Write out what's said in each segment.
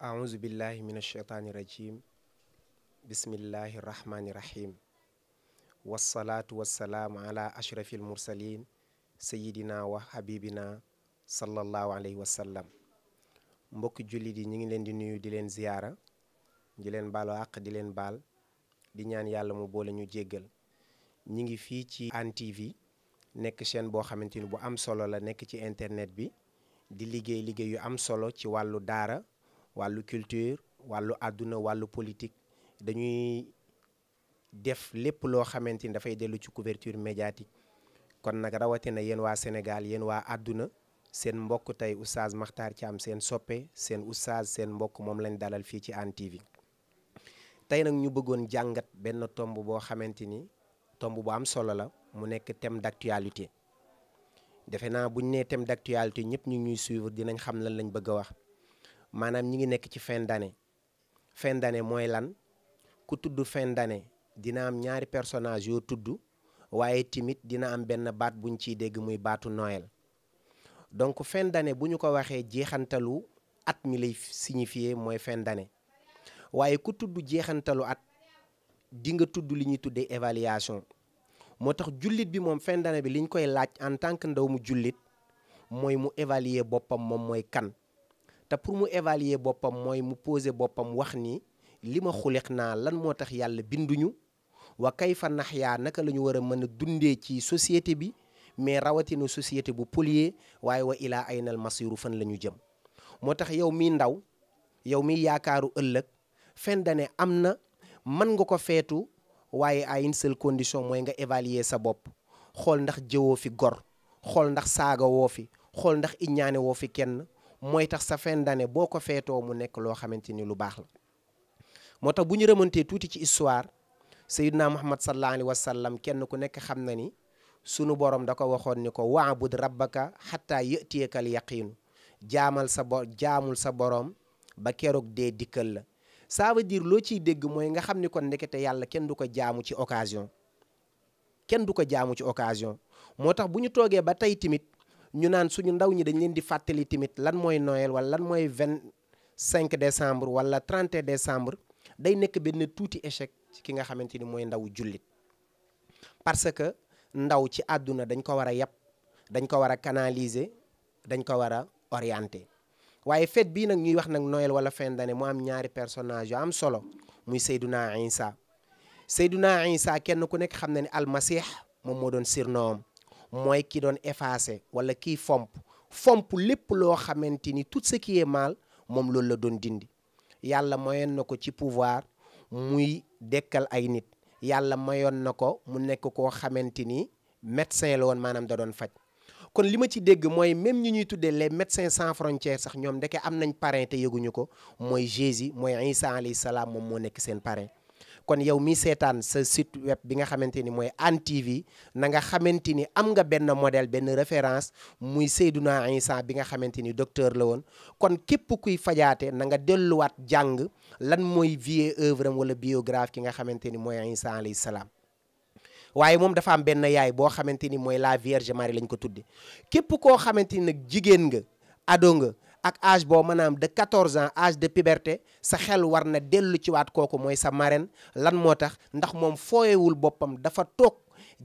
أعوذ بالله من الشيطان الرجيم بسم الله الرحمن الرحيم والصلاة والسلام على أشرف المرسلين سيدنا وحبيبنا صلى الله mbokki jullit yi ñu ngi leen di nuyu di leen ziyaara di leen baalu àq di leen baal di ñaan yàlla mu boole ñu jéggal ñu ngi fii ci Hann TV nekk chaîne boo xamante ni bu am solo la nekk ci internet bi di liggéey liggéey yu am solo ci wàllu daara wàllu culture wàllu àdduna wàllu politique dañuy def lépp loo xamante ni dafay dellu ci couverture médiatique kon nag rawatina yéen waa Sénégal yéen waa àdduna seen mbokk tey oustaz ci am seen soppe seen oustaz seen mbokk moom lañ dalal fii ci Hann TV tey nag ñu bëggoon jàngat benn tomb boo xamante ni tomb bu am solo la mu nekk thème d'actualité defe naa buñ ne thème d'actualité ñëpp ñu ñuy suivre dinañ xam lan lañ bëgg a wax maanaam ñi ngi nekk ci fin d'année fin d'année mooy lan ku tudd fin d'année dina am ñaari personnage yoo tudd waaye timit dina am benn baat buñ ciy dégg muy baatu Noël donc fin d'année bu ñu ko waxee jeexantalu at mi lay signifier mooy fin d'année waaye ku tudd jeexantalu at di nga tudd li ñuy tuddee évaluation moo tax jullit bi moom fin d'année bi liñ koy laaj en tant que ndaw mu jullit mooy mu évaluer boppam moom mooy kan te pour mu évaluer boppam mooy mu poser boppam wax ni li ma xulex naa lan moo tax yàlla binduñu wa kay fa nax yaa naka lañu ñu war a mën a dundee ci société bi mais rawatina société bu polier waaye wa ilaa aynal masiru fan la ñu jëm moo tax yow mii ndaw yow miy yaakaaru ëllëg fin d'année am na mën nga ko feetu waaye à une condition mooy nga évaluer sa bopp xool ndax jëwoo fi gor xool ndax saaga woo fi xool ndax iññaane woo fi kenn mooy tax sa fin d'année boo ko feetoo mu nekk loo xamante ni lu baax la moo tax bu ñu remontee tuuti ci histoire Seydina Muhammad sallallahu alayhi wa sallam kenn ku nekk xam na ni sunu borom da ko waxoon ni ko waa waabud rabbaka xataa yëtiyekal yaqiinu jaamal sa bo jaamul sa borom ba keroog dee dikkal la saaba diir loo ciy dégg mooy nga xam ni kon ndekete yàlla kenn du ko jaamu ci occasion kenn du ko jaamu ci occasion moo tax bu ñu toogee ba tey tamit ñu naan suñu ndaw ñi dañ leen di fàttali tamit lan mooy Noël wala lan mooy vingt cinq décembre wala 31 décembre day nekk benn tuuti échec ci ki nga xamante ni mooy ndaw jullit parce que ndaw ci àdduna dañ ko war a yàpp dañ ko war a canaliser dañ ko war a orienter waaye fête bii nag ñuy wax nag Noël wala fin d'année mu am ñaari personnage yu am solo muy naa Seyduna Isa Seyduna Isa kenn ku nekk xam na ni almasih moom moo doon surnom mooy ki doon effacer wala kiy fomp fomp lépp loo xamante ni tout ce qui moom loolu la doon dindi yàlla mayoon na ko ci pouvoir muy dekkal ay nit yàlla mayoon na ko mu nekk ko xamante ni médecin la woon maanaam da doon faj kon li ma ci dégg mooy même ñi ñuy tuddee les médecins sans frontières sax ñoom ndeke am nañ parrain te yëguñu ko mooy Jésus mooy Isa alayhi salaam moom moo nekk seen parrain kon yow mi seetaan sa site web bi nga xamante ni mooy Hann TV na nga xamante ni am nga benn modèle benn référence muy Seydouna Issa bi nga xamante ni docteur la woon kon képp kuy fajaate na nga delluwaat jàng lan mooy vie œuvre wala biographie ki nga xamante ni mooy Issa alayhi salaam waaye moom dafa am benn yaay boo xamante ni mooy la Vierge Marie lañ ko tudde képp koo xamante ni nag jigéen nga ado nga ak âge boo maanaam de 14 ans âge de puberté sa xel war na dellu ci waat kooku mooy sa marraine lan moo tax ndax moom fooyewul boppam dafa toog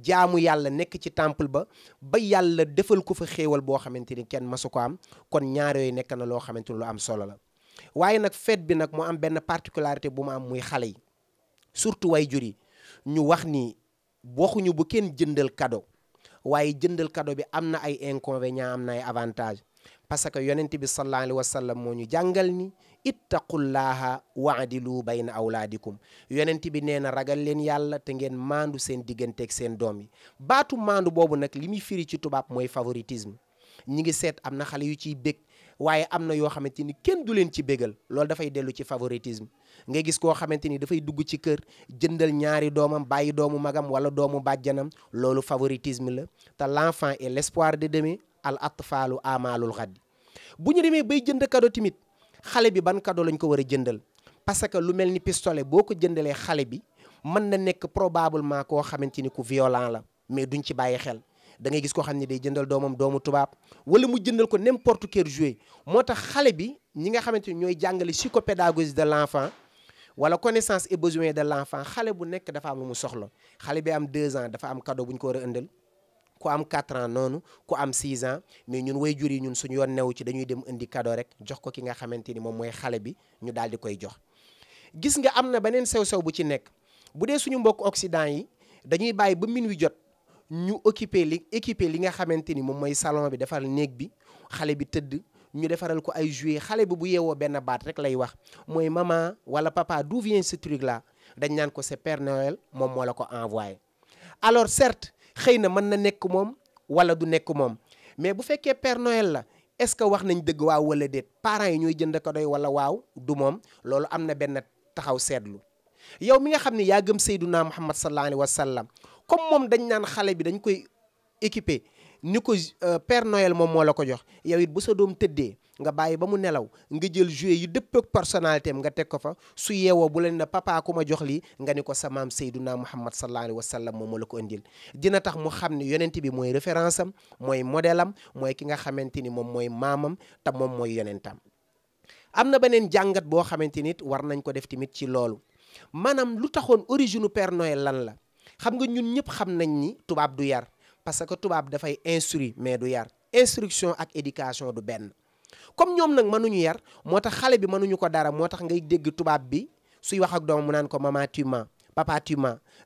jaamu yàlla nekk ci temple ba ba yàlla defal ko fa xéewal boo xamante ni kenn masu ko am kon ñaar nekk na loo xamante ni lu am solo la waaye nag fête bi nag mu am benn particularité bu mu am muy xale yi surtout way jur yi ñu wax ni waxuñu bu kenn jëndal kado waaye jëndal kado bi am na ay inconvénients am na ay avantages parce que yonent bi sallallahu alayhi wa sallam moo ñu jàngal ni ittaqullaha waadilu bayna awlaadikum yonent bi nee na ragal leen yàlla te ngeen maandu seen digganteeg seen doom yi baatu maandu boobu nag li muy firi ci tubaab mooy favoritisme ñi ngi seet am na xale yu ciy bég waaye am na yoo xamante ni kenn du leen ci bégal loolu dafay dellu ci favoritisme nga gis koo xamante ni dafay dugg ci kër jëndal ñaari doomam bàyyi doomu magam wala doomu bàjjanam loolu favoritisme la te l'enfant est l'espoir de demain al atfaalu amaalul xaddi bu ñu demee bay jënd kado tamit xale bi ban kado lañ ko war a jëndal parce que lu mel ni pistolet boo ko jëndalee xale bi mën na nekk probablement koo xamante ni ku violant la mais duñ ci bàyyi xel da ngay gis koo xam ne day jëndal doomam doomu tubaab wala mu jëndal ko n'importe quel jouet moo tax xale bi ñi nga xamante ni ñooy jàngale psychopédagogie de l'enfant wala connaissance et besoin de l'enfant xale bu nekk dafa am mu soxla xale bi am deux ans dafa am cadeau bu ko war a ëndal ku am 4 ans noonu ku am 6 ans mais ñun way jur yi ñun suñu yoon new ci dañuy dem indi rek jox ko ki nga xamante ni moom mooy xale bi ñu daal di koy jox. gis nga am na beneen sew-sew bu ci nekk bu dee suñu mbokk Occident yi dañuy bàyyi ba min jot ñu occuper li équiper li nga xamante ni moom mooy salon bi defar néeg bi xale bi tëdd. ñu defaral ko ay jouet xale bi bu yeewoo benn baat rek lay wax mooy maman wala papa dou vient ce la dañ naan ko c'est moom moo la ko envoyé alors certes xëy na mën na nekk moom wala du nekk moom mais bu fekkee Père Noël la est-ce que wax nañ dëgg waaw wala déet parent yi ñooy jënd ko doy wala waaw du moom loolu am na benn taxaw seetlu yow mi nga xam ne yaa gëm Seydunaa Muhammad sallallahu alayhi wa sallam comme moom dañ naan xale bi dañ koy équipé ni ko euh, Père Noël moom moo la ko jox yow it bu sa doom tëddee nga bàyyi ba mu nelaw nga jël jouet yu dëpp ak personnalité am nga teg ko fa su yeewoo bu leen ne papa ma jox lii nga ni ko sa maam Seyduna Muhammad sallallahu alayhi wa sallam moom moo la ko indil dina tax mu xam ne yonent bi mooy référence am mooy modèle am mooy ki nga xamante ni moom mooy maamam te moom mooy yonentam am na beneen jàngat boo xamante nit war nañ ko def tamit ci loolu maanaam lu taxoon origine Père Noël lan la xam nga ñun ñëpp xam nañ ni tubaab du yar parce que tubaab dafay instruire mais du yar instruction ak éducation du benn comme ñoom nag mënuñu yar moo tax xale bi mënuñu ko dara moo tax ngay dégg tubaab bi suy wax ak doom mu naan ko maman tu mens papa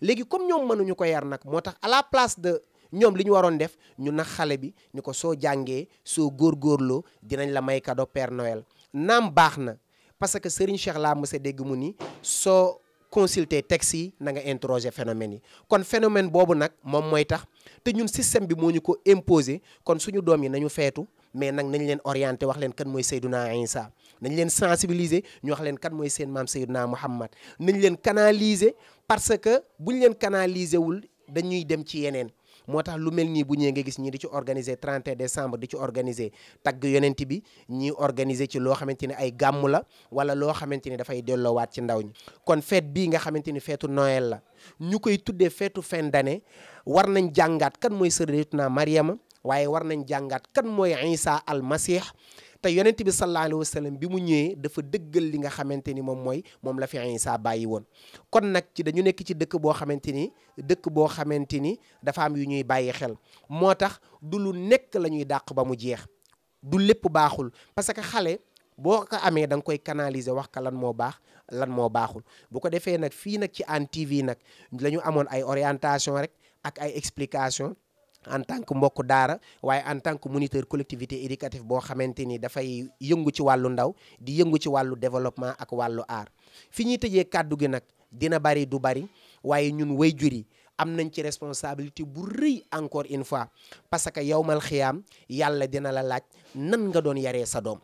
léegi comme ñoom mënuñu ko yar nag moo tax à la place de ñoom li ñu waroon def ñu nax xale bi ñu ko soo jàngee soo góorgóorloo dinañ la may cadeau per Noël naam baax na parce que Serigne Cheikh laa mës a dégg mu ni soo consulter texte yi na nga interroger phénomènes yi kon phénomène boobu nag moom mooy tax te ñun système bi moo ñu ko imposer kon suñu doom yi nañu feetu mais nag nañu leen orienté wax leen kan mooy Seydouna Isa nañ leen sensibiliser ñu wax leen kat mooy seen maam Seydouna Muhammad nañ leen canaliser parce que bu ñu leen canaliser wul dañuy dem ci yeneen moo tax lu mel nii bu ñëwee nga gis ñi di ci organiser 31 décembre di ci organiser tagg yonent bi ñi organiser ci loo xamante ni ay gàmmu la wala loo xamante ni dafay delloowaat ci ndaw ñi kon feet bii nga xamante ni feetu noel la ñu koy tuddee feetu fin d'année war nañ jàngaat kan mooy Sayyidatuna Mariama waaye war nañ jàngaat kan mooy Isa al te yonent bi sallallahu alayhi bi mu ñëwee dafa dëggal li nga xamante ni moom mooy moom la fi Isa bàyyi woon kon nag ci dañu nekk ci dëkk boo xamante ni dëkk boo xamante ni dafa am yu ñuy bàyyi xel moo tax du lu nekk la ñuy dàq ba mu jeex du lépp baaxul parce que xale boo ko amee danga koy canaliser wax ka lan moo baax lan moo baaxul bu ko defee nag fii nag ci Hann TV nag lañu amoon ay orientation rek ak ay explication en tant que mbokk daara waaye en tant que moniteur collectivité éducative boo xamante ni dafay yëngu ci wàllu ndaw di yëngu ci wàllu développement ak wàllu aar fi ñuy tëjee kàddu gi nag dina bari du bari waaye ñun waajur yi am nañ ci responsabilité bu rëy encore une fois parce que yowmal xiyaam yàlla dina la laaj nan nga doon yaree sa doom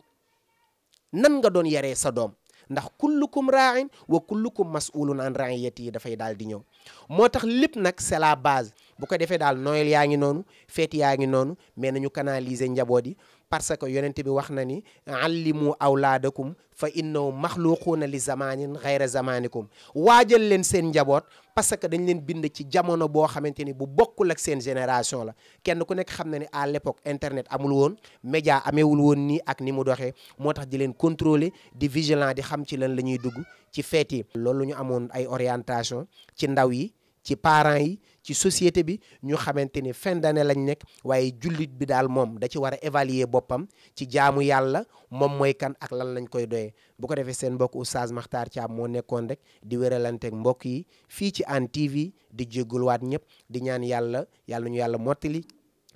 nan nga doon yaree sa doom ndax kullukum raain wa kullukum masulun an raiyati yi dafay daal di ñëw moo tax lépp nag c'est la base bu ko defee daal Noël yaa ngi noonu fête yaa ngi noonu mais ñu canaliser njaboot yi parce que yonent bi wax na ni allimu awlaadakum fa innahu maxluquuna li zamanin xayra zamanikum waajal leen seen njaboot parce que dañ leen bind ci jamono boo xamante ni bu bokkul ak seen génération la kenn ku nekk xam na ni à l'époque internet amul woon média ameewul woon nii ak ni mu doxee moo tax di leen contrôler di vigilant di xam ci lan la ñuy dugg ci feet yi loolu ñu amoon ay orientation ci ndaw yi ci parent yi ci société bi ñu xamante ni fin d'année lañ nekk waaye jullit bi daal moom da ci war a évaluer boppam ci jaamu yàlla moom mooy kan ak lan lañ koy doyee bu ko defee seen mbokk Oustaz Makhtar Thiam moo nekkoon rek di wéralanteeg mbokk yi fii ci Hann TV di jégaluwaat ñëpp di ñaan yàlla yàlla ñu yàlla mottali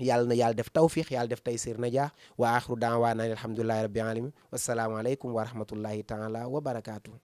yàlla na yàlla def tawfiix yàlla def taysir na jaax wa axru daawaana alhamdulillahi rabbil alamin wasalaamualeykum wa rahmatullahi taala wa barakaatu.